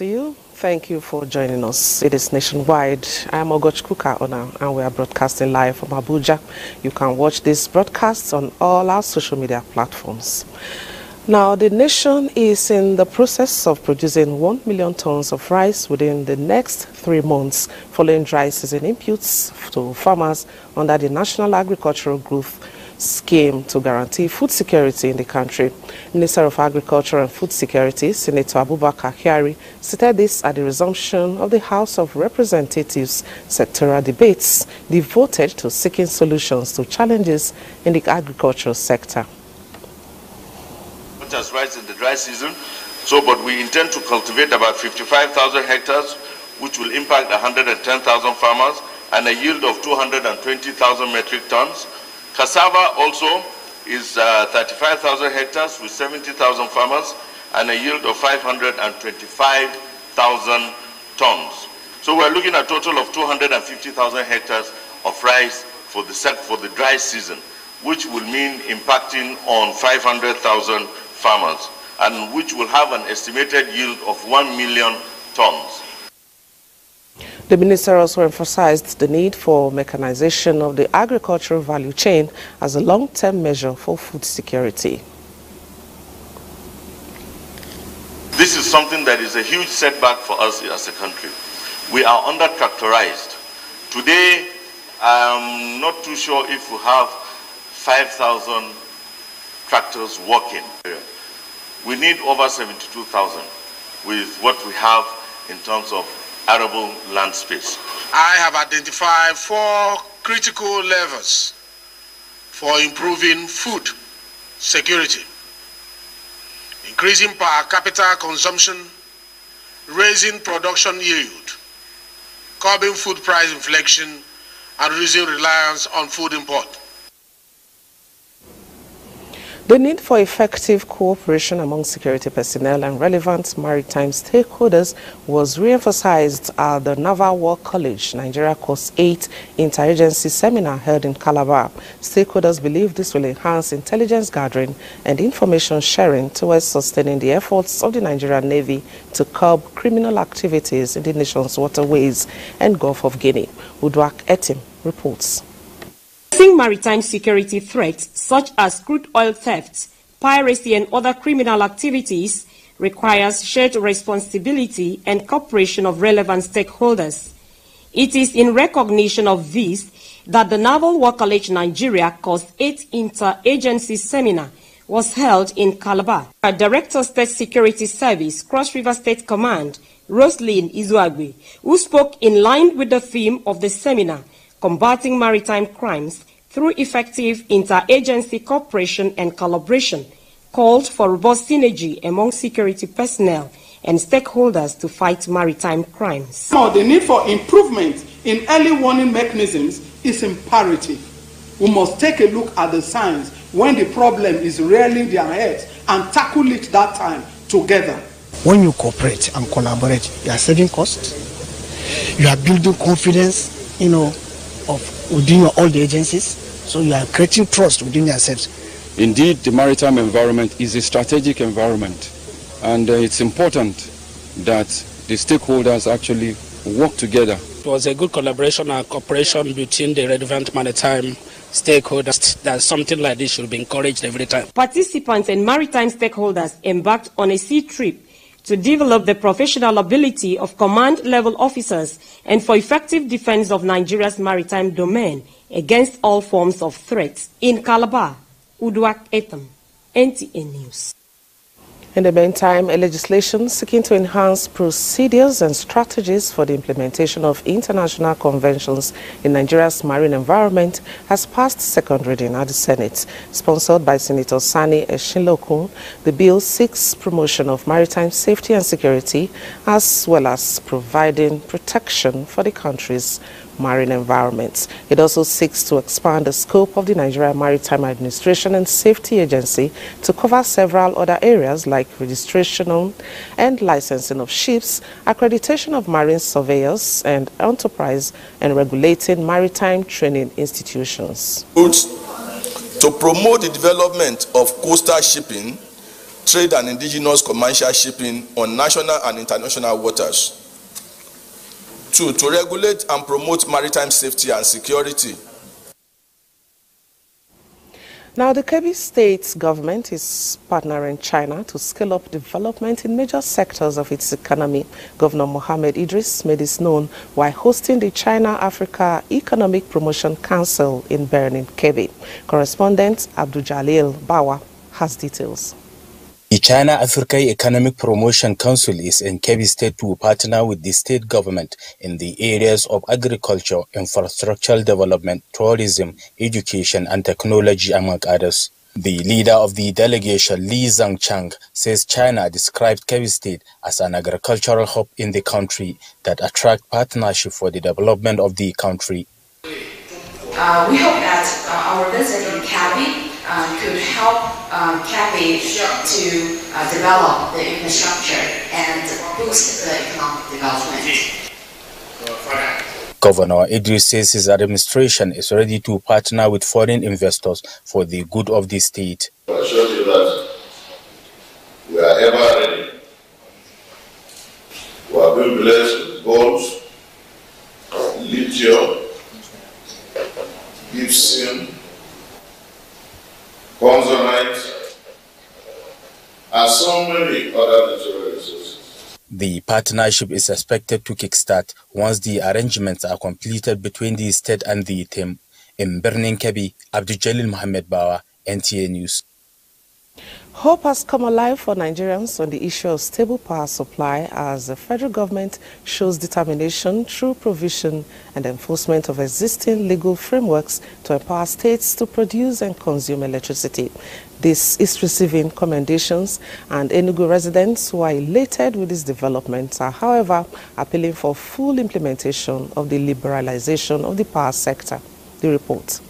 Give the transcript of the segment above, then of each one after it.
to you. Thank you for joining us. It is nationwide. I am Ogoch Kuka Ona, and we are broadcasting live from Abuja. You can watch this broadcast on all our social media platforms. Now, the nation is in the process of producing 1 million tons of rice within the next three months, following dry season inputs to farmers under the National Agricultural Growth scheme to guarantee food security in the country. Minister of Agriculture and Food Security, Senator Abubakar Kyari, stated this at the resumption of the House of Representatives sectoral debates devoted to seeking solutions to challenges in the agricultural sector. Much as rice in the dry season, so but we intend to cultivate about 55,000 hectares, which will impact 110,000 farmers and a yield of 220,000 metric tons. Cassava also is uh, 35,000 hectares with 70,000 farmers and a yield of 525,000 tons. So we're looking at a total of 250,000 hectares of rice for the, for the dry season, which will mean impacting on 500,000 farmers, and which will have an estimated yield of 1 million tons. The minister also emphasized the need for mechanization of the agricultural value chain as a long-term measure for food security. This is something that is a huge setback for us as a country. We are under Today, I'm not too sure if we have 5,000 tractors working. We need over 72,000 with what we have in terms of arable land space. I have identified four critical levers for improving food security increasing per capita consumption, raising production yield, curbing food price inflation, and reducing reliance on food import. The need for effective cooperation among security personnel and relevant maritime stakeholders was re-emphasized at the Naval War College Nigeria Course 8 Interagency Seminar held in Calabar. Stakeholders believe this will enhance intelligence gathering and information sharing towards sustaining the efforts of the Nigerian Navy to curb criminal activities in the nation's waterways and Gulf of Guinea. Udwak Etim reports. Addressing maritime security threats such as crude oil thefts, piracy and other criminal activities requires shared responsibility and cooperation of relevant stakeholders. It is in recognition of this that the Naval War College Nigeria Course 8 Interagency Seminar was held in Calabar. Our Director State Security Service, Cross River State Command, Roslyn Izuagwe, who spoke in line with the theme of the seminar, Combating Maritime Crimes, through effective interagency cooperation and collaboration called for robust synergy among security personnel and stakeholders to fight maritime crimes. the need for improvement in early warning mechanisms is imperative. We must take a look at the signs when the problem is rearing their heads and tackle it that time together. When you cooperate and collaborate, you are saving costs, you are building confidence, you know, of within your, all the agencies. So you are creating trust within yourselves. Indeed, the maritime environment is a strategic environment, and uh, it's important that the stakeholders actually work together. It was a good collaboration and cooperation between the relevant maritime stakeholders that something like this should be encouraged every time. Participants and maritime stakeholders embarked on a sea trip to develop the professional ability of command level officers and for effective defense of Nigeria's maritime domain against all forms of threats in Calabar, Uduak Etam, NTA News. In the meantime, a legislation seeking to enhance procedures and strategies for the implementation of international conventions in Nigeria's marine environment has passed second reading at the Senate. Sponsored by Senator Sani Eshinlokun, the bill seeks promotion of maritime safety and security as well as providing protection for the country's marine environments. It also seeks to expand the scope of the Nigeria Maritime Administration and Safety Agency to cover several other areas like registration and licensing of ships, accreditation of marine surveyors and enterprise, and regulating maritime training institutions. To promote the development of coastal shipping, trade and indigenous commercial shipping on national and international waters, Two, to regulate and promote maritime safety and security. Now, the Kebbi state government is partnering China to scale up development in major sectors of its economy. Governor Mohamed Idris made this known while hosting the China-Africa Economic Promotion Council in Berlin, Kebbi. Correspondent Abdul Jalil Bawa has details. The China Africa Economic Promotion Council is in Kebbi State to partner with the state government in the areas of agriculture, infrastructural development, tourism, education and technology, among others. The leader of the delegation, Li Zhangchang, says China described Kebbi State as an agricultural hub in the country that attract partnership for the development of the country. Uh, we hope that uh, our visit in Kebbi uh, could help Capi um, to uh, develop the infrastructure and boost the economic development. Governor Idris says his administration is ready to partner with foreign investors for the good of the state. I assure you that we are ever ready. We have been blessed with gold, lithium, gypsum, the partnership is expected to kickstart once the arrangements are completed between the state and the team. In Berninkebi, Kebi, Abdul Jalil Mohammed Bawa, NTA News. Hope has come alive for Nigerians on the issue of stable power supply as the federal government shows determination through provision and enforcement of existing legal frameworks to empower states to produce and consume electricity. This is receiving commendations and Enugu residents who are elated with this development are however appealing for full implementation of the liberalization of the power sector. The report.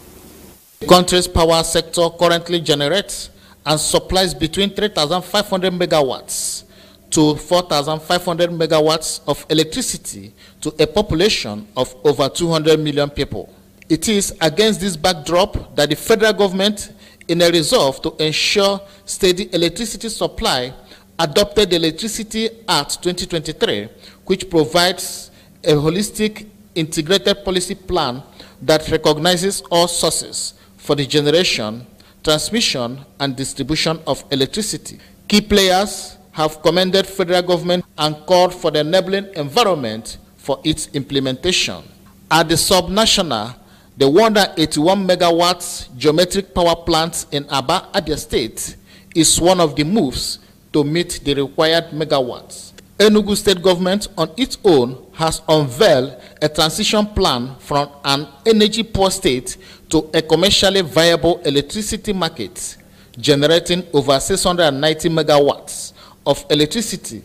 The country's power sector currently generates and supplies between 3,500 megawatts to 4,500 megawatts of electricity to a population of over 200 million people. It is against this backdrop that the federal government, in a resolve to ensure steady electricity supply, adopted the Electricity Act 2023, which provides a holistic integrated policy plan that recognizes all sources for the generation, transmission and distribution of electricity. Key players have commended federal government and called for the enabling environment for its implementation. At the subnational, the 181 megawatts geometric power plant in Aba Adia State is one of the moves to meet the required megawatts. Enugu state government on its own has unveiled a transition plan from an energy poor state to a commercially viable electricity market generating over 690 megawatts of electricity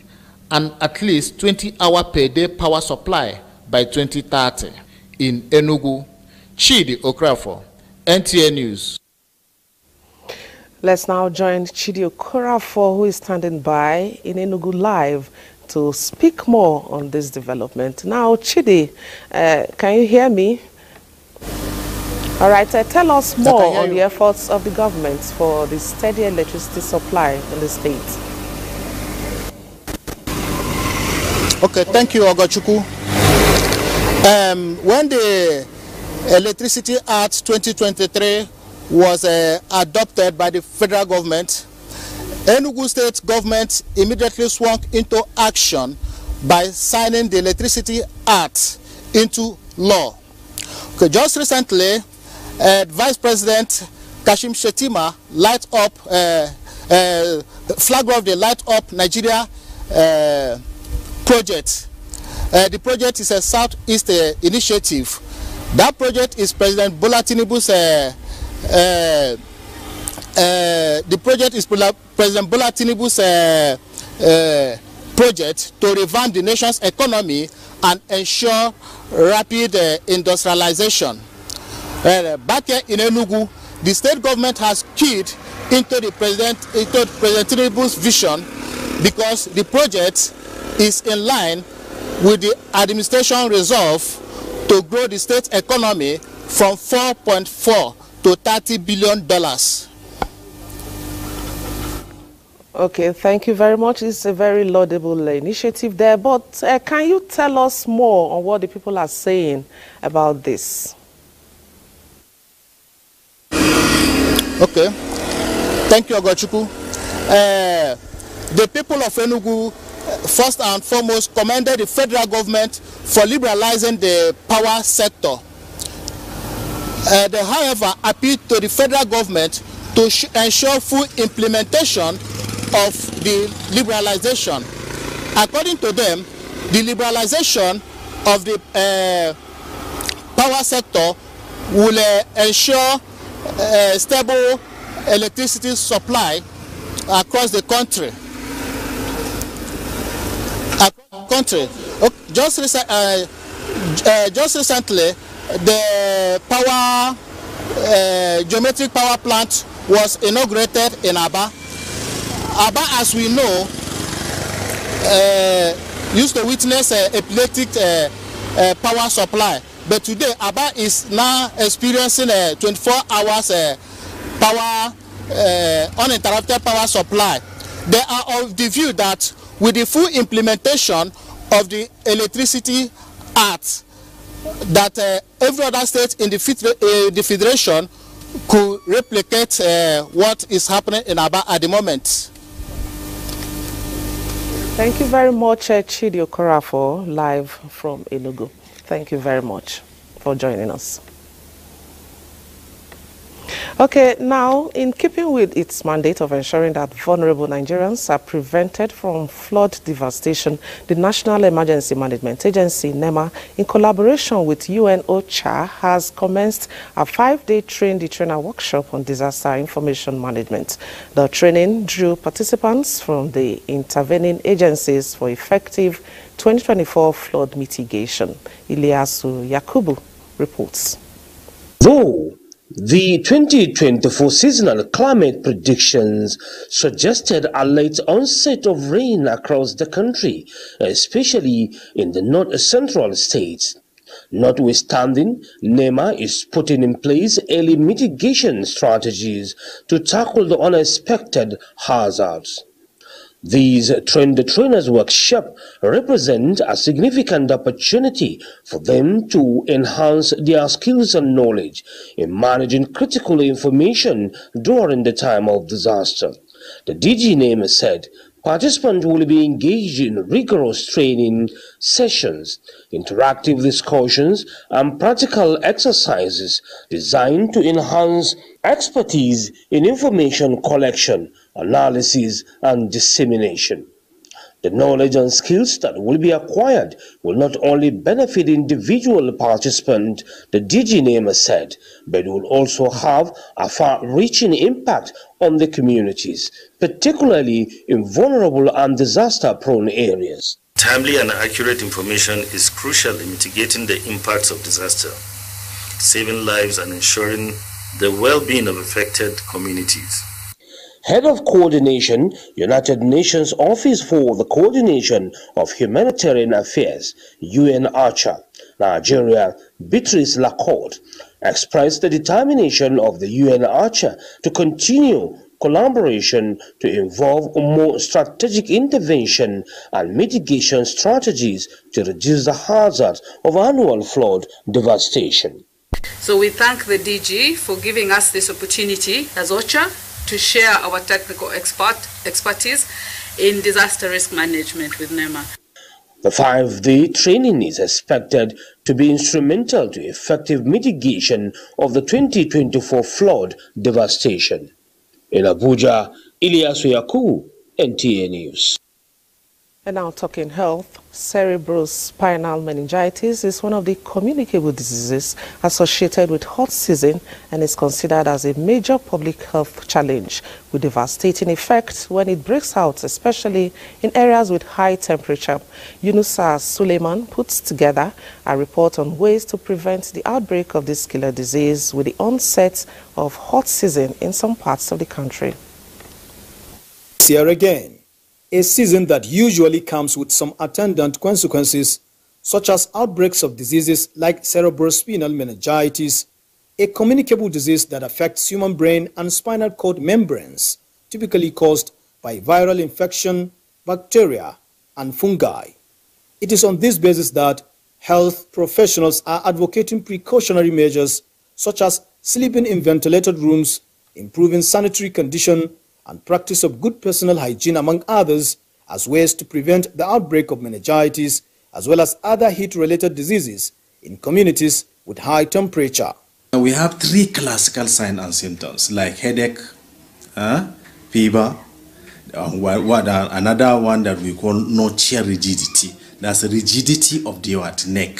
and at least 20 hour per day power supply by 2030 in Enugu. Chidi Okrafo, NTA News. Let's now join Chidi Okrafo, who is standing by in Enugu Live to speak more on this development. Now, Chidi, uh, can you hear me? All right, uh, tell us more on the efforts of the government for the steady electricity supply in the state. Okay, thank you, Ogachuku. Um, when the Electricity Act 2023 was uh, adopted by the federal government, Enugu state government immediately swung into action by signing the Electricity Act into law. Okay, just recently, uh, Vice President Kashim Shetima light up, uh, uh, flag of the Light Up Nigeria uh, project. Uh, the project is a Southeast uh, initiative. That project is President Bola Tinubu's. Uh, uh, uh, the project is President Bola Tinubu's uh, uh, project to revamp the nation's economy and ensure rapid uh, industrialization uh, back here in Enugu, the state government has keyed into the president into President Tinubu's vision because the project is in line with the administration resolve to grow the state economy from 4.4 to 30 billion dollars. Okay, thank you very much. It's a very laudable initiative there, but uh, can you tell us more on what the people are saying about this? Okay. Thank you, Ogochukwu. Uh, eh, the people of Enugu eh, first and foremost commended the federal government for liberalizing the power sector. Uh, they, however, appealed to the federal government to ensure full implementation of the liberalization. According to them, the liberalization of the uh, power sector will uh, ensure a uh, stable electricity supply across the country. Across country. Just, rec uh, uh, just recently, the power, uh, geometric power plant was inaugurated in Aba. Aba, as we know, uh, used to witness uh, epileptic power supply but today, Aba is now experiencing a uh, 24 hours uh, power, uh, uninterrupted power supply. They are of the view that with the full implementation of the Electricity Act, that uh, every other state in the, uh, the federation could replicate uh, what is happening in Aba at the moment. Thank you very much, uh, Chidi Okora, live from Enugu. Thank you very much for joining us. Okay, now, in keeping with its mandate of ensuring that vulnerable Nigerians are prevented from flood devastation, the National Emergency Management Agency, NEMA, in collaboration with UN OCHA, has commenced a five-day train-the-trainer workshop on disaster information management. The training drew participants from the intervening agencies for effective 2024 flood mitigation. Ilyasu Yakubu reports. Whoa. The 2024 seasonal climate predictions suggested a late onset of rain across the country, especially in the north-central states. Notwithstanding, NEMA is putting in place early mitigation strategies to tackle the unexpected hazards. These Trend Trainers Workshop represent a significant opportunity for them to enhance their skills and knowledge in managing critical information during the time of disaster. The DG name said Participants will be engaged in rigorous training sessions, interactive discussions, and practical exercises designed to enhance expertise in information collection, analysis, and dissemination. The knowledge and skills that will be acquired will not only benefit individual participants, the DG DigiNamer said, but will also have a far-reaching impact on the communities, particularly in vulnerable and disaster-prone areas. Timely and accurate information is crucial in mitigating the impacts of disaster, saving lives and ensuring the well-being of affected communities. Head of Coordination, United Nations Office for the Coordination of Humanitarian Affairs, UN Archer, Nigeria, Beatrice Lacorte, expressed the determination of the UN Archer to continue collaboration to involve more strategic intervention and mitigation strategies to reduce the hazard of annual flood devastation. So we thank the DG for giving us this opportunity as OCHA to share our technical expert, expertise in disaster risk management with NEMA. The 5-day training is expected to be instrumental to effective mitigation of the 2024 flood devastation. In Abuja, Ilyasu Yakubu, NTA News. And now talking health, cerebrospinal meningitis is one of the communicable diseases associated with hot season and is considered as a major public health challenge with devastating effects when it breaks out, especially in areas with high temperature. Yunusa Suleiman puts together a report on ways to prevent the outbreak of this killer disease with the onset of hot season in some parts of the country. See you again a season that usually comes with some attendant consequences, such as outbreaks of diseases like cerebrospinal meningitis, a communicable disease that affects human brain and spinal cord membranes, typically caused by viral infection, bacteria, and fungi. It is on this basis that health professionals are advocating precautionary measures such as sleeping in ventilated rooms, improving sanitary condition, and practice of good personal hygiene among others as ways to prevent the outbreak of meningitis as well as other heat-related diseases in communities with high temperature. We have three classical signs and symptoms like headache, uh, fever, uh, what, uh, another one that we call notia rigidity. That's rigidity of the what, neck,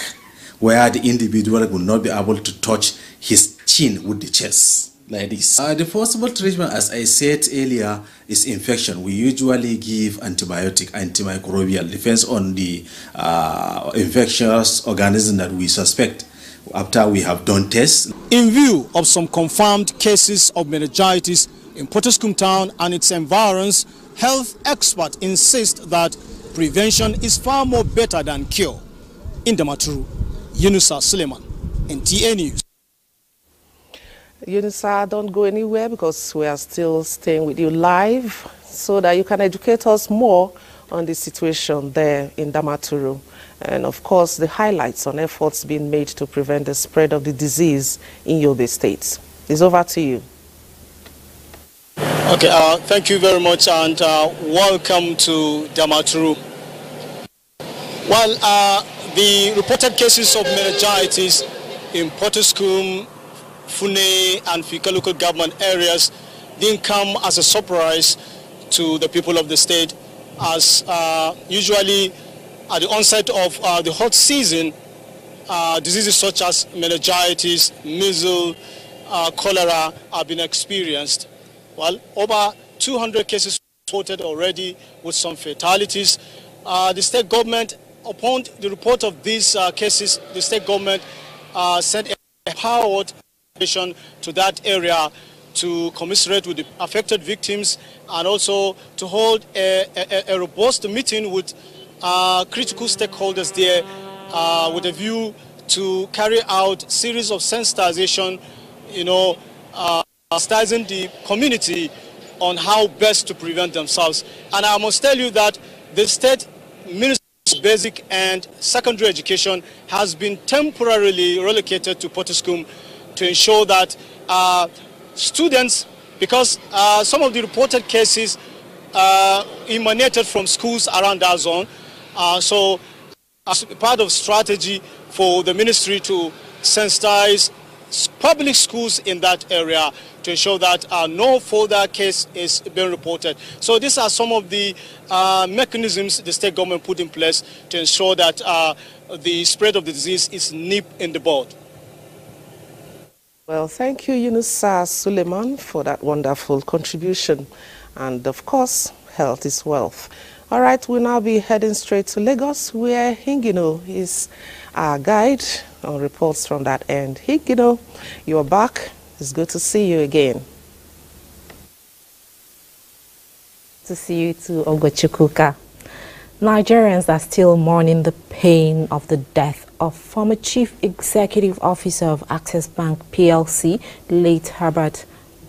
where the individual will not be able to touch his chin with the chest like this. Uh, the possible treatment, as I said earlier, is infection. We usually give antibiotic, antimicrobial, depends on the uh, infectious organism that we suspect after we have done tests. In view of some confirmed cases of meningitis in Potoskum town and its environs, health experts insist that prevention is far more better than cure. In Damaturu, Yunusa Suleiman, NTA News. UNISA, don't go anywhere because we are still staying with you live so that you can educate us more on the situation there in Damaturu. And of course, the highlights on efforts being made to prevent the spread of the disease in Yobe State. It's over to you. Okay, uh, thank you very much and uh, welcome to Damaturu. Well, uh, the reported cases of meningitis in Potoskum Fune, and Fika local government areas didn't come as a surprise to the people of the state as uh, usually at the onset of uh, the hot season, uh, diseases such as meningitis, measles, uh, cholera have been experienced. Well, over 200 cases reported already with some fatalities. Uh, the state government, upon the report of these uh, cases, the state government sent a empowered to that area to commiserate with the affected victims and also to hold a, a, a robust meeting with uh, critical stakeholders there uh, with a view to carry out series of sensitization, you know, uh, sensitizing the community on how best to prevent themselves. And I must tell you that the state minister basic and secondary education has been temporarily relocated to Potiskum to ensure that uh, students, because uh, some of the reported cases uh, emanated from schools around that zone, uh, so as part of strategy for the ministry to sensitize public schools in that area to ensure that uh, no further case is being reported. So these are some of the uh, mechanisms the state government put in place to ensure that uh, the spread of the disease is nipped in the bud. Well, thank you, Yunusa Suleiman, for that wonderful contribution. And of course, health is wealth. All right, we'll now be heading straight to Lagos, where Hingino is our guide on reports from that end. Hingino, you're back. It's good to see you again. To see you too, Ogochukuka. Nigerians are still mourning the pain of the death of former Chief Executive Officer of Access Bank PLC, late Herbert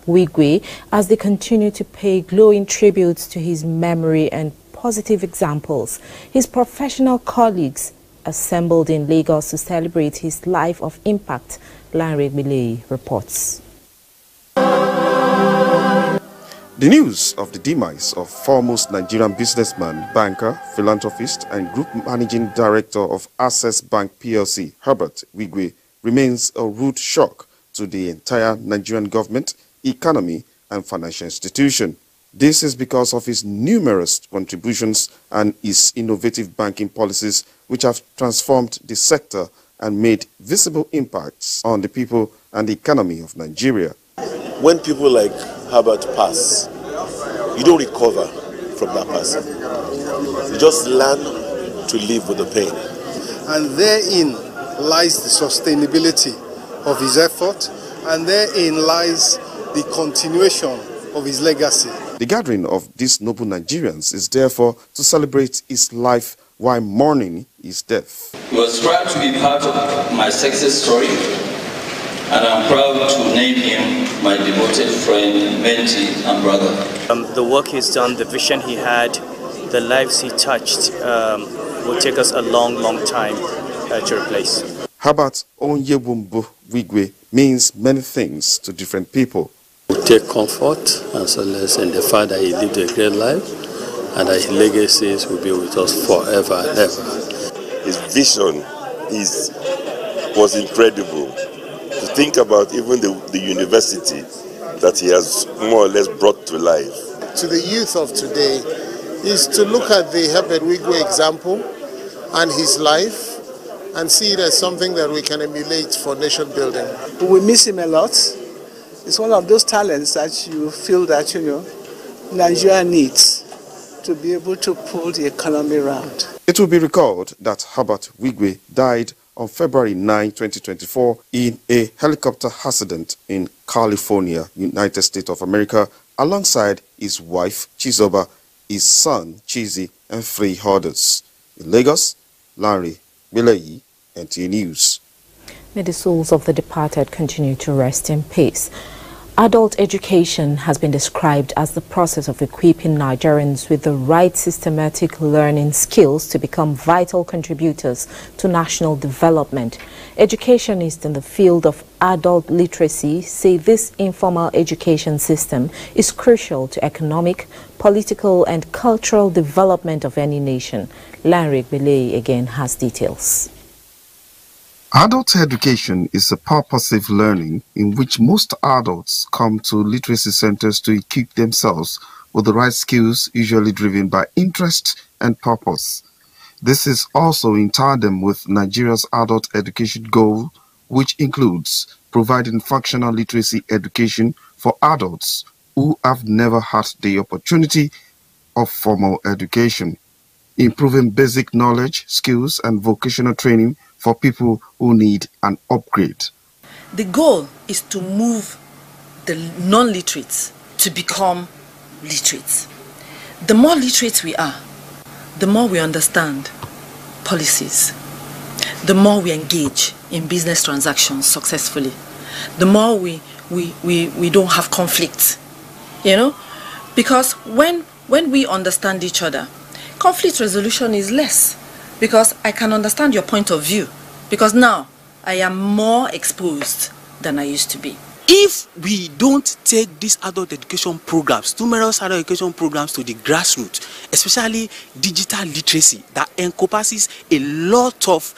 Wigwe, as they continue to pay glowing tributes to his memory and positive examples. His professional colleagues assembled in Lagos to celebrate his life of impact, Larry Millay reports. The news of the demise of foremost Nigerian businessman, banker, philanthropist, and group managing director of Access Bank PLC, Herbert Wigwe, remains a rude shock to the entire Nigerian government, economy, and financial institution. This is because of his numerous contributions and his innovative banking policies, which have transformed the sector and made visible impacts on the people and the economy of Nigeria. When people like Herbert pass, you don't recover from that person. You just learn to live with the pain. And therein lies the sustainability of his effort, and therein lies the continuation of his legacy. The gathering of these noble Nigerians is therefore to celebrate his life while mourning his death. He was proud to be part of my success story and I'm proud to name him my devoted friend, mentee, and brother. Um, the work he's done, the vision he had, the lives he touched um, will take us a long, long time uh, to replace. Herbert Onyebumbu Wigwe means many things to different people. We take comfort and solace in the fact that he lived a great life and that his legacies will be with us forever and ever. His vision is, was incredible to think about even the, the university that he has more or less brought to life. To the youth of today is to look at the Herbert Wigwe example and his life and see it as something that we can emulate for nation building. We miss him a lot. It's one of those talents that you feel that, you know, Nigeria needs to be able to pull the economy around. It will be recalled that Herbert Wigwe died on February 9, 2024, in a helicopter accident in California, United States of America, alongside his wife, Chizoba, his son, Chizzy, and three others. In Lagos, Larry Bilayi, NTA News. May the souls of the departed continue to rest in peace. Adult education has been described as the process of equipping Nigerians with the right systematic learning skills to become vital contributors to national development. Educationists in the field of adult literacy say this informal education system is crucial to economic, political and cultural development of any nation. Larry Belay again has details. Adult education is a purposive learning in which most adults come to literacy centers to equip themselves with the right skills usually driven by interest and purpose. This is also in tandem with Nigeria's adult education goal, which includes providing functional literacy education for adults who have never had the opportunity of formal education, improving basic knowledge, skills, and vocational training for people who need an upgrade. The goal is to move the non literates to become literate. The more literate we are, the more we understand policies, the more we engage in business transactions successfully, the more we, we, we, we don't have conflicts, you know? Because when, when we understand each other, conflict resolution is less because I can understand your point of view because now I am more exposed than I used to be. If we don't take these adult education programs, numerous adult education programs to the grassroots, especially digital literacy that encompasses a lot of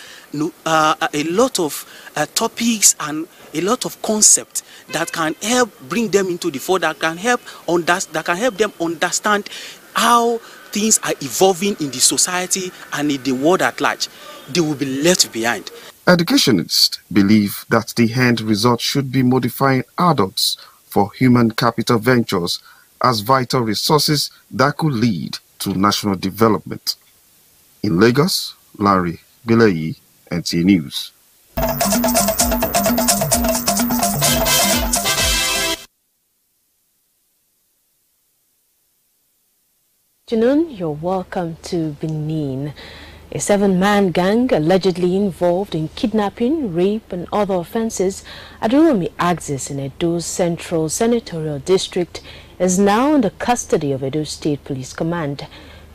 uh, a lot of uh, topics and a lot of concepts that can help bring them into the fold, that can help that can help them understand how things are evolving in the society and in the world at large, they will be left behind. Educationists believe that the end result should be modifying adults for human capital ventures as vital resources that could lead to national development. In Lagos, Larry Bilayi, NTA News. afternoon. You're welcome to Benin. A seven-man gang allegedly involved in kidnapping, rape and other offences at Urumi Axis in Edo's Central Senatorial District is now in the custody of Edo State Police Command.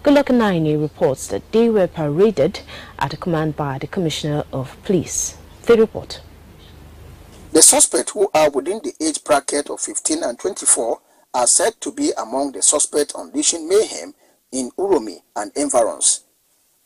Gulakanaini reports that they were paraded at a command by the Commissioner of Police. The report. The suspects who are within the age bracket of 15 and 24 are said to be among the suspects unleashing mayhem in Uromi and environs.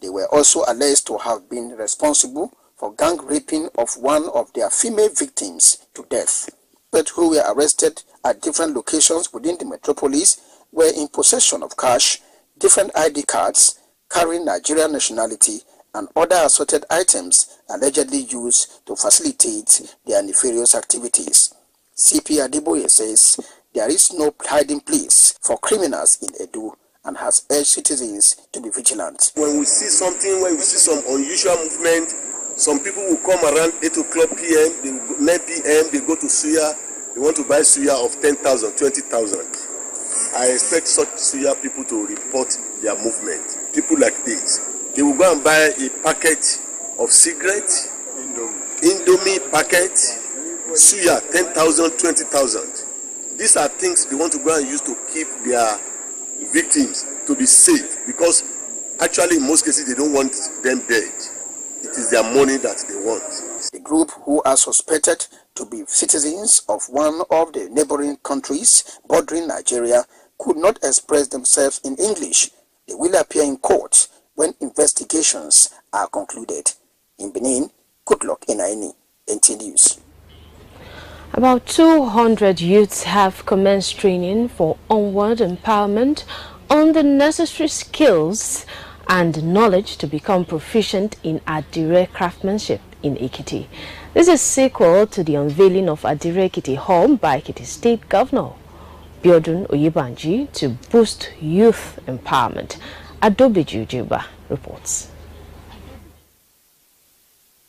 They were also alleged to have been responsible for gang raping of one of their female victims to death, but who were arrested at different locations within the metropolis were in possession of cash, different ID cards, carrying Nigerian nationality, and other assorted items allegedly used to facilitate their nefarious activities. CP Adiboye says there is no hiding place for criminals in Edo and has urged citizens to be vigilant. When we see something, when we see some unusual movement, some people will come around 8 o'clock p.m., 9 p.m., they go to suya, they want to buy suya of 10,000, 20,000. I expect such suya people to report their movement. People like this, they will go and buy a packet of cigarettes, Indomie packet, suya 10,000, 20,000. These are things they want to go and use to keep their victims to be saved because actually in most cases they don't want them dead. It is their money that they want. The group who are suspected to be citizens of one of the neighboring countries bordering Nigeria could not express themselves in English. They will appear in court when investigations are concluded. In Benin, good luck in any. NT News. About 200 youths have commenced training for onward empowerment on the necessary skills and knowledge to become proficient in Adire craftsmanship in Ikiti. This is sequel to the unveiling of Adire Ikiti Home by Ikiti State Governor Biodun Oyibanji to boost youth empowerment. Adobe Jujuba reports.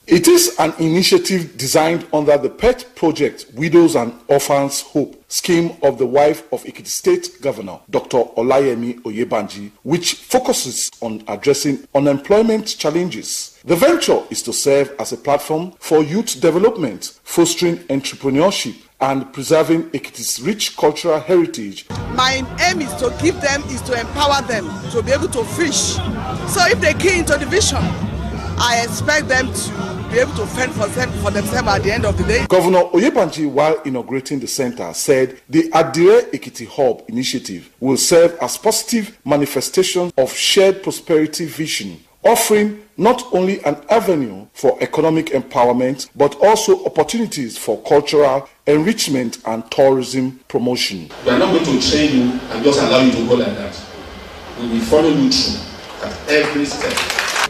It is an initiative designed under the PET Project Widows and Orphans Hope scheme of the wife of Ikiti State Governor Dr. Olayemi Oyebanji, which focuses on addressing unemployment challenges. The venture is to serve as a platform for youth development, fostering entrepreneurship, and preserving Ikiti's rich cultural heritage. My aim is to give them, is to empower them to be able to fish. So if they came into the vision, I expect them to able to fend for, for themselves at the end of the day. Governor Oyebanji, while inaugurating the center, said the Adire Ekiti Hub initiative will serve as positive manifestation of shared prosperity vision offering not only an avenue for economic empowerment but also opportunities for cultural enrichment and tourism promotion. We are not going to train you and just allow you to go like that. We will follow you through at every step.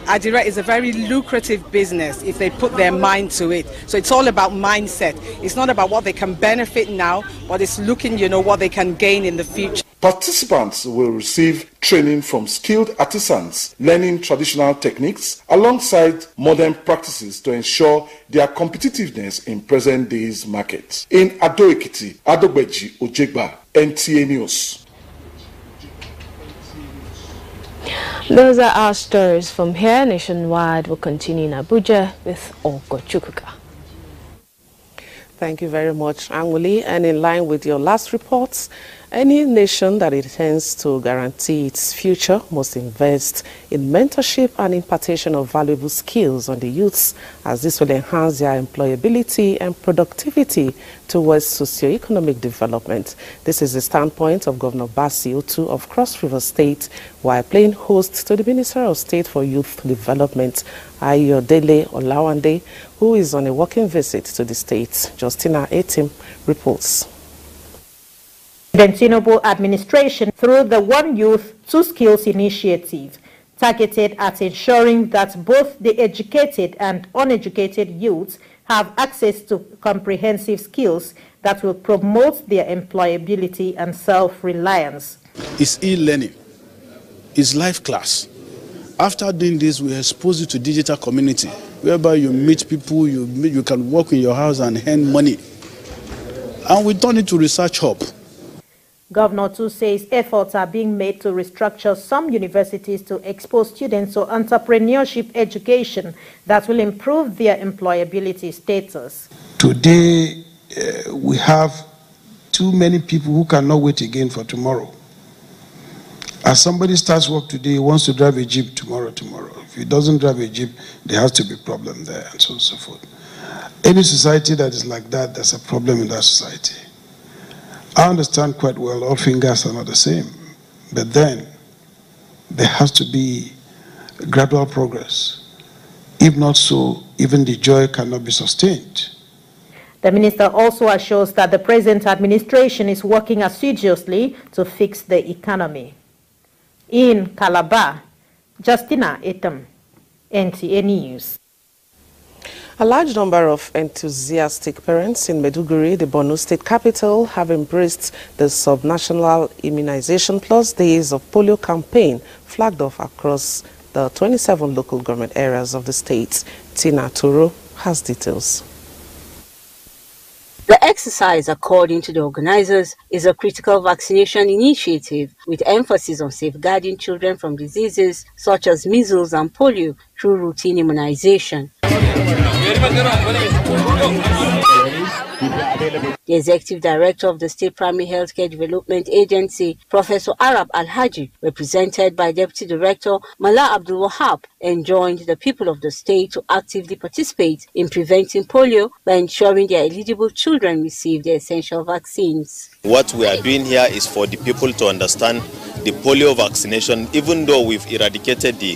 Adira is a very lucrative business if they put their mind to it. So it's all about mindset. It's not about what they can benefit now, but it's looking, you know, what they can gain in the future. Participants will receive training from skilled artisans, learning traditional techniques alongside modern practices to ensure their competitiveness in present day's market. In Adoekiti, Adogbeji Ojegba, NTA News. Those are our stories from here nationwide. We'll continue in Abuja with Ogo Chukuka. Thank you very much, Anguli. And in line with your last reports, any nation that intends to guarantee its future must invest in mentorship and impartation of valuable skills on the youths, as this will enhance their employability and productivity towards socio-economic development. This is the standpoint of Governor Basi Otu of Cross River State, while playing host to the Minister of State for Youth Development, Ayodele Olawande, who is on a working visit to the state. Justina Etim reports. Bentinobo administration through the One Youth, Two Skills initiative, targeted at ensuring that both the educated and uneducated youths have access to comprehensive skills that will promote their employability and self-reliance. It's e-learning. It's life class. After doing this, we expose you to digital community, whereby you meet people, you, meet, you can work in your house and earn money. And we turn it to research hub. Governor Tu says efforts are being made to restructure some universities to expose students to entrepreneurship education that will improve their employability status. Today, uh, we have too many people who cannot wait again for tomorrow. As somebody starts work today, he wants to drive a Jeep tomorrow, tomorrow. If he doesn't drive a Jeep, there has to be a problem there, and so on and so forth. Any society that is like that, there's a problem in that society. I understand quite well all fingers are not the same, but then there has to be gradual progress. If not so, even the joy cannot be sustained. The minister also assures that the present administration is working assiduously to fix the economy. In Calabar, Justina Etam, NTA News. A large number of enthusiastic parents in Meduguri, the Borno state capital, have embraced the subnational immunization plus days of polio campaign flagged off across the 27 local government areas of the state. Tina Turo has details. The exercise, according to the organizers, is a critical vaccination initiative with emphasis on safeguarding children from diseases such as measles and polio through routine immunization. The executive director of the State Primary Healthcare Development Agency, Professor Arab Al Haji, represented by Deputy Director Mala Abdul Wahab, enjoined the people of the state to actively participate in preventing polio by ensuring their eligible children receive the essential vaccines. What we are doing here is for the people to understand the polio vaccination, even though we've eradicated the,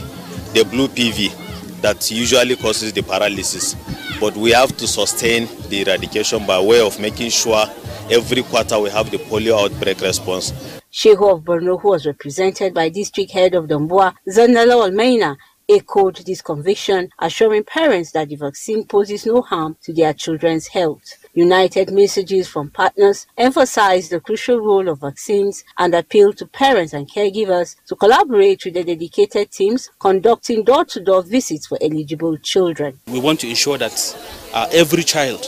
the blue PV that usually causes the paralysis. But we have to sustain the eradication by way of making sure every quarter we have the polio outbreak response. Shehu of Borno, who was represented by district head of Dombua, Zanala Almeina, echoed this conviction, assuring parents that the vaccine poses no harm to their children's health. United messages from partners emphasized the crucial role of vaccines and appealed to parents and caregivers to collaborate with the dedicated teams conducting door to door visits for eligible children. We want to ensure that uh, every child,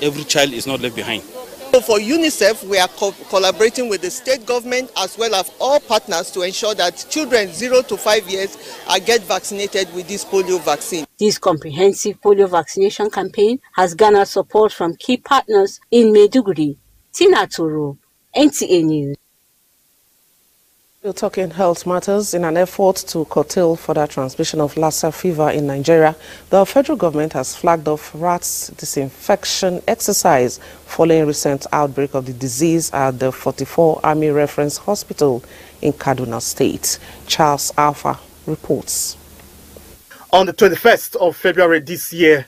every child is not left behind. So For UNICEF, we are co collaborating with the state government as well as all partners to ensure that children 0 to 5 years are get vaccinated with this polio vaccine. This comprehensive polio vaccination campaign has garnered support from key partners in Meduguri. Tina Toro, NTA News. We're talking health matters. In an effort to curtail further transmission of Lassa fever in Nigeria, the federal government has flagged off rats disinfection exercise following recent outbreak of the disease at the 44 Army Reference Hospital in Kaduna State. Charles Alpha reports. On the 21st of February this year,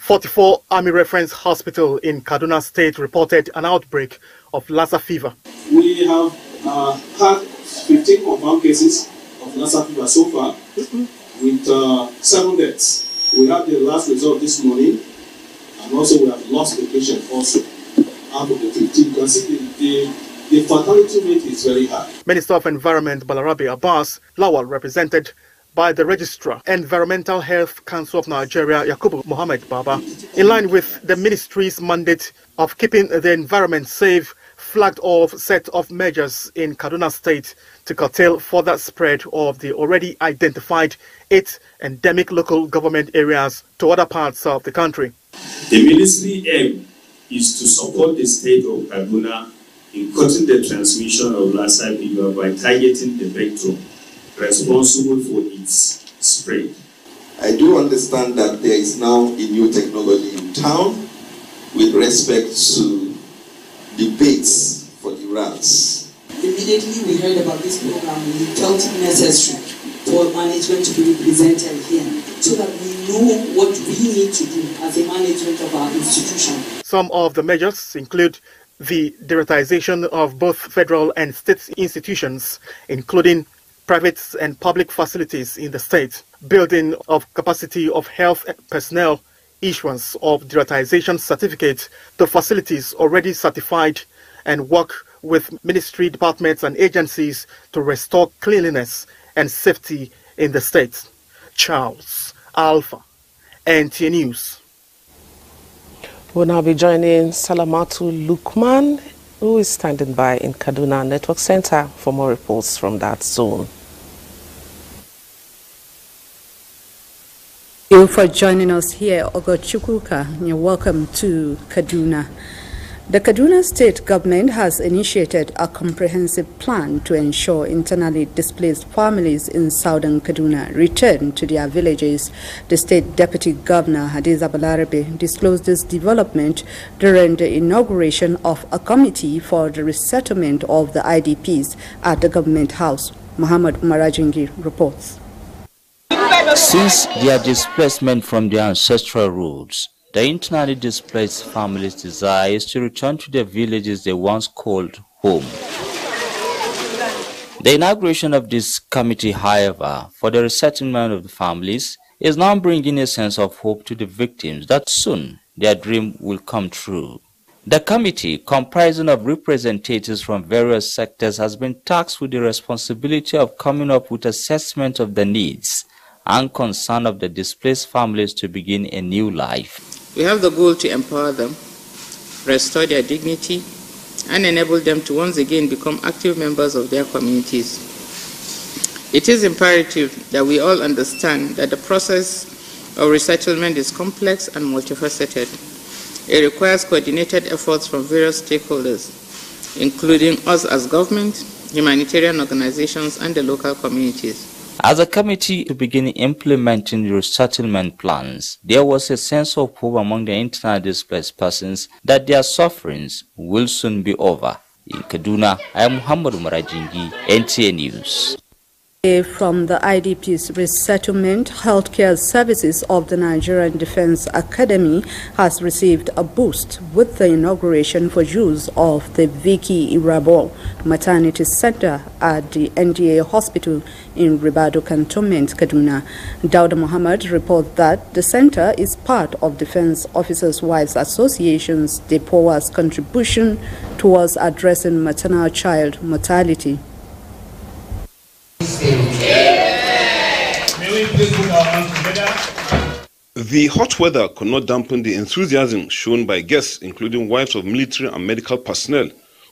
44 Army Reference Hospital in Kaduna State reported an outbreak of Lassa fever. We have uh, had 15 confirmed cases of Nasa fever so far, with uh, seven deaths. We have the last result this morning, and also we have lost the patient also out of the 15 because the, the, the fatality rate is very high. Minister of Environment Balarabi Abbas Lawal represented by the Registrar Environmental Health Council of Nigeria, Yakubu Mohammed Baba, in line with the ministry's mandate of keeping the environment safe flagged off set of measures in Kaduna State to curtail further spread of the already identified eight endemic local government areas to other parts of the country. The ministry aim is to support the state of Kaduna in cutting the transmission of Lassa fever by targeting the vector responsible for its spread. I do understand that there is now a new technology in town with respect to debates for the rats. Immediately we heard about this program, we felt it necessary for management to be represented here so that we know what we need to do as a management of our institution. Some of the measures include the deratization of both federal and state institutions, including private and public facilities in the state, building of capacity of health personnel issuance of deratization certificates to facilities already certified and work with ministry departments and agencies to restore cleanliness and safety in the state. Charles Alpha, NT News. We'll now be joining Salamatu Lukman, who is standing by in Kaduna Network Center for more reports from that zone. you for joining us here, Ogochukuka. You're welcome to Kaduna. The Kaduna State Government has initiated a comprehensive plan to ensure internally displaced families in southern Kaduna return to their villages. The State Deputy Governor Hadiza Balarabe disclosed this development during the inauguration of a committee for the resettlement of the IDPs at the Government House. Muhammad Marajingi reports. Since their displacement from their ancestral roots, the internally displaced families' desire is to return to their villages they once called home. The inauguration of this committee, however, for the resettlement of the families is now bringing a sense of hope to the victims that soon their dream will come true. The committee, comprising of representatives from various sectors, has been tasked with the responsibility of coming up with assessment of the needs and concern of the displaced families to begin a new life. We have the goal to empower them, restore their dignity, and enable them to once again become active members of their communities. It is imperative that we all understand that the process of resettlement is complex and multifaceted. It requires coordinated efforts from various stakeholders, including us as government, humanitarian organizations, and the local communities. As a committee to begin implementing resettlement plans, there was a sense of hope among the internally displaced persons that their sufferings will soon be over. In Kaduna, I am Muhammad Marajingi, NTA News. From the IDP's Resettlement Healthcare Services of the Nigerian Defense Academy has received a boost with the inauguration for use of the Vicky Irabo Maternity Center at the NDA Hospital in Ribado Cantonment, Kaduna. Dauda Muhammad reports that the center is part of Defense Officers' Wives Association's DEPOA's contribution towards addressing maternal child mortality. The hot weather could not dampen the enthusiasm shown by guests, including wives of military and medical personnel,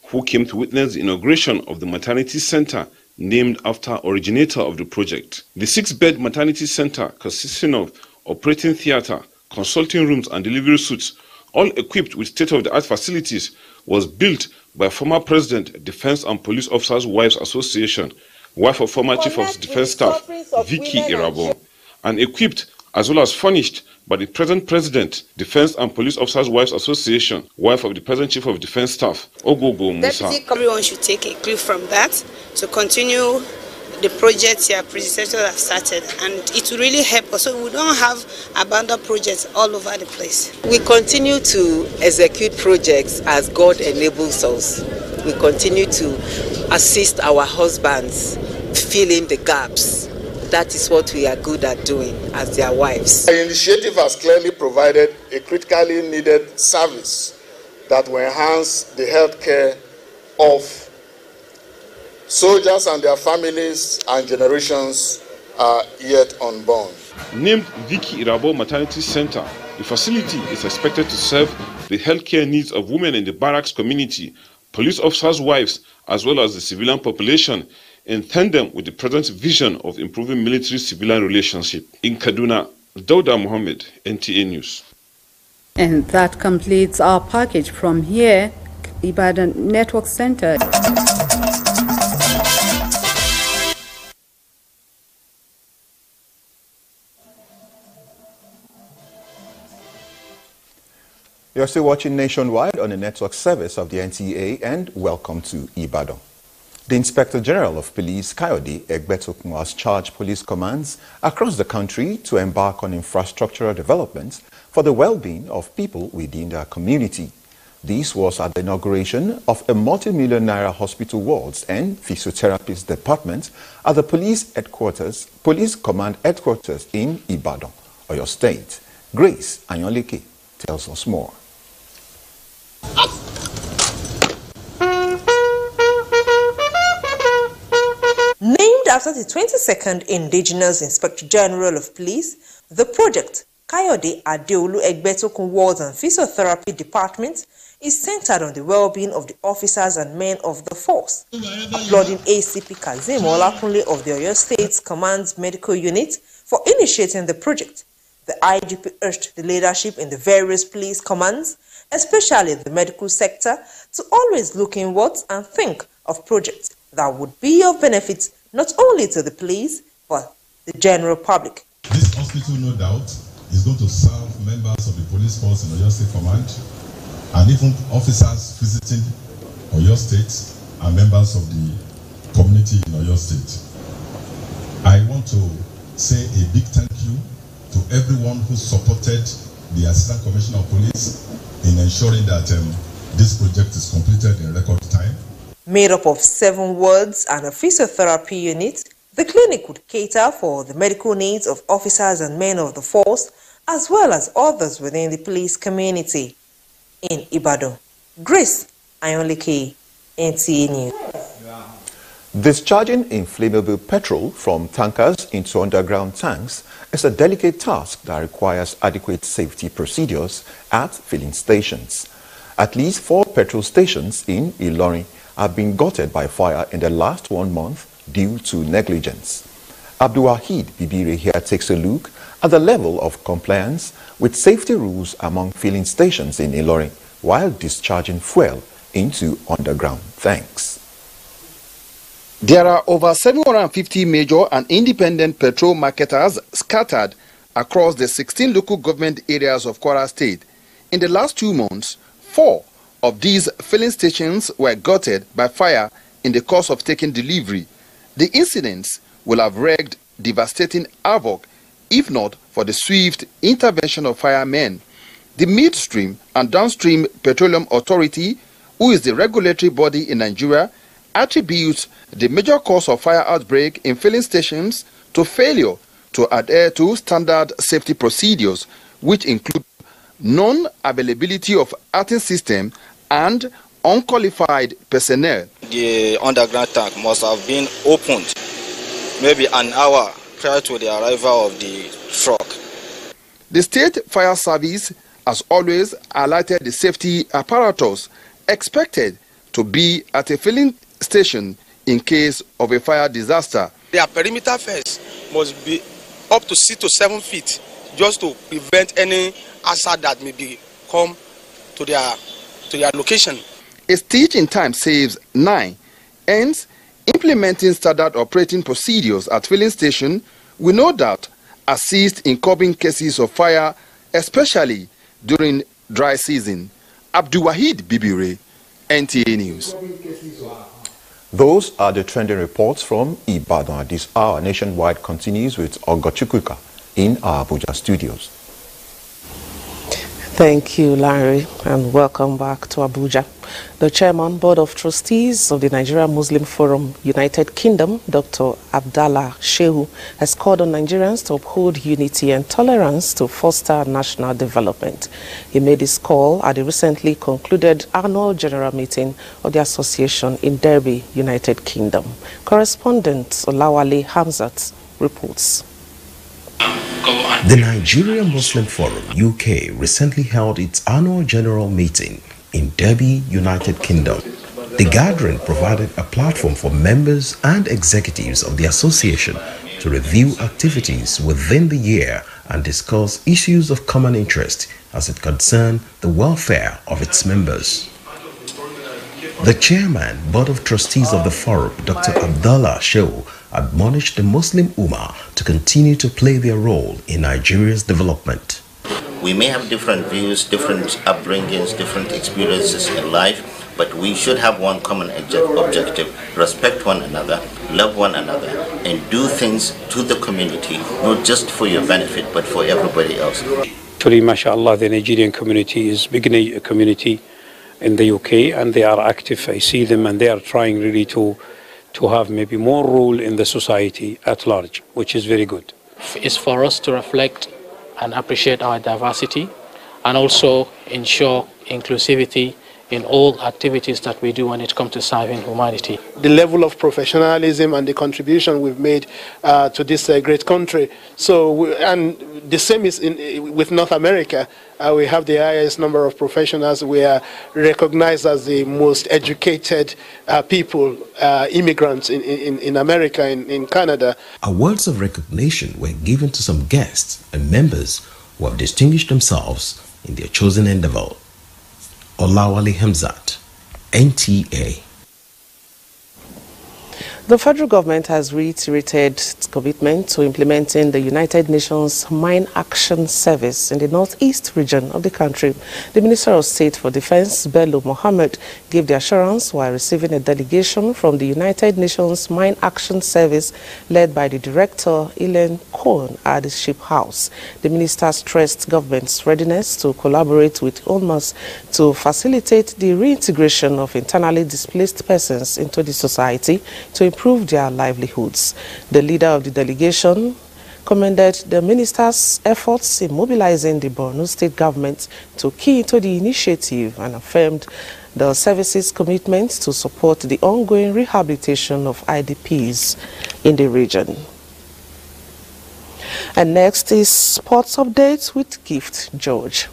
who came to witness the inauguration of the maternity center named after originator of the project. The six-bed maternity center consisting of operating theater, consulting rooms and delivery suites, all equipped with state-of-the-art facilities, was built by former President Defense and Police Officers Wives Association wife of former Chief of Defense Staff Vicky Irabo, and equipped as well as furnished by the present President, Defense and Police Officers Wives Association, wife of the present Chief of Defense Staff, Ogogo Musa. Deputy, everyone should take a clue from that to continue the projects your predecessors have started and it will really help us so we don't have abandoned projects all over the place. We continue to execute projects as God enables us. We continue to assist our husbands filling the gaps. That is what we are good at doing as their wives. The initiative has clearly provided a critically needed service that will enhance the health care of Soldiers and their families and generations are yet unborn. Named Vicky Irabo Maternity Center, the facility is expected to serve the healthcare needs of women in the barracks community, police officers' wives, as well as the civilian population, in tandem with the present vision of improving military-civilian relationship. In Kaduna, Dauda Mohammed, NTA News. And that completes our package from here, Ibadan Network Center. You're still watching Nationwide on the network service of the NTA and welcome to Ibadan. The Inspector General of Police, Kayode Egbetokun, has charged police commands across the country to embark on infrastructural developments for the well-being of people within their community. This was at the inauguration of a multi-million naira hospital wards and physiotherapist department at the police headquarters, police command headquarters in Ibadan, Oyo State. Grace Anyolike tells us more. Named after the 22nd Indigenous Inspector General of Police, the project, Kayode Adeolu Egbetokun Wards and Physiotherapy Department, is centered on the well-being of the officers and men of the force. Applauding ACP Kazim Olakunle of the Oyo State's Command Medical Unit for initiating the project, the IGP urged the leadership in the various police commands especially the medical sector, to always look inwards and think of projects that would be of benefit not only to the police but the general public. This hospital, no doubt, is going to serve members of the police force in Oyo State Command and even officers visiting Oyo State and members of the community in Oyo State. I want to say a big thank you to everyone who supported the Assistant Commissioner of Police in ensuring that um, this project is completed in record time. Made up of seven wards and a physiotherapy unit, the clinic would cater for the medical needs of officers and men of the force, as well as others within the police community. In Ibadan, Grace Ayonlike, NTA News. Discharging inflammable petrol from tankers into underground tanks is a delicate task that requires adequate safety procedures at filling stations. At least four petrol stations in Ilorin have been gutted by fire in the last one month due to negligence. Abdulwahid Bibiri here takes a look at the level of compliance with safety rules among filling stations in Ilorin while discharging fuel into underground tanks. There are over 750 major and independent petrol marketers scattered across the 16 local government areas of Kwara State. In the last two months, four of these filling stations were gutted by fire in the course of taking delivery. The incidents will have wreaked devastating havoc if not for the swift intervention of firemen. The midstream and downstream petroleum authority, who is the regulatory body in Nigeria, attributes the major cause of fire outbreak in filling stations to failure to adhere to standard safety procedures, which include non-availability of acting system and unqualified personnel. The underground tank must have been opened maybe an hour prior to the arrival of the truck. The State Fire Service, as always, highlighted the safety apparatus expected to be at a filling station in case of a fire disaster. Their perimeter fence must be up to six to seven feet just to prevent any hazard that may be come to their to their location. A stitch in time saves nine. Hence, implementing standard operating procedures at filling station will no doubt assist in curbing cases of fire, especially during dry season. Abdul Wahid Bibire, NTA News. Those are the trending reports from Ibadan. This hour nationwide continues with Ogochukwuka in our Abuja studios. Thank you, Larry, and welcome back to Abuja. The Chairman Board of Trustees of the Nigeria Muslim Forum United Kingdom, Dr. Abdallah Shehu, has called on Nigerians to uphold unity and tolerance to foster national development. He made his call at the recently concluded annual general meeting of the association in Derby, United Kingdom. Correspondent Olawale Hamzat reports. The Nigeria Muslim Forum UK recently held its annual general meeting in Derby, United Kingdom. The gathering provided a platform for members and executives of the association to review activities within the year and discuss issues of common interest as it concerned the welfare of its members. The chairman, Board of Trustees of the forum, Dr. Abdullah Show admonished the Muslim Ummah to continue to play their role in Nigeria's development. We may have different views, different upbringings, different experiences in life, but we should have one common objective respect one another love one another and do things to the community not just for your benefit but for everybody else Truly, mashallah the nigerian community is big community in the uk and they are active i see them and they are trying really to to have maybe more role in the society at large, which is very good. It's for us to reflect and appreciate our diversity and also ensure inclusivity in all activities that we do when it comes to serving humanity. The level of professionalism and the contribution we've made uh, to this uh, great country. So, we, and the same is in, with North America. Uh, we have the highest number of professionals. We are recognized as the most educated uh, people, uh, immigrants in, in, in America, in, in Canada. Awards of recognition were given to some guests and members who have distinguished themselves in their chosen endeavor. Olawale Hamzat, NTA. The federal government has reiterated its commitment to implementing the United Nations Mine Action Service in the northeast region of the country. The Minister of State for Defense, Bello Mohammed, gave the assurance while receiving a delegation from the United Nations Mine Action Service led by the director, Ellen Cohen, at the ship house. The minister stressed government's readiness to collaborate with UNMAS to facilitate the reintegration of internally displaced persons into the society to improve their livelihoods. The leader of the delegation commended the minister's efforts in mobilizing the Borno state government to key to the initiative and affirmed the service's commitment to support the ongoing rehabilitation of IDPs in the region. And next is sports updates with Gift George.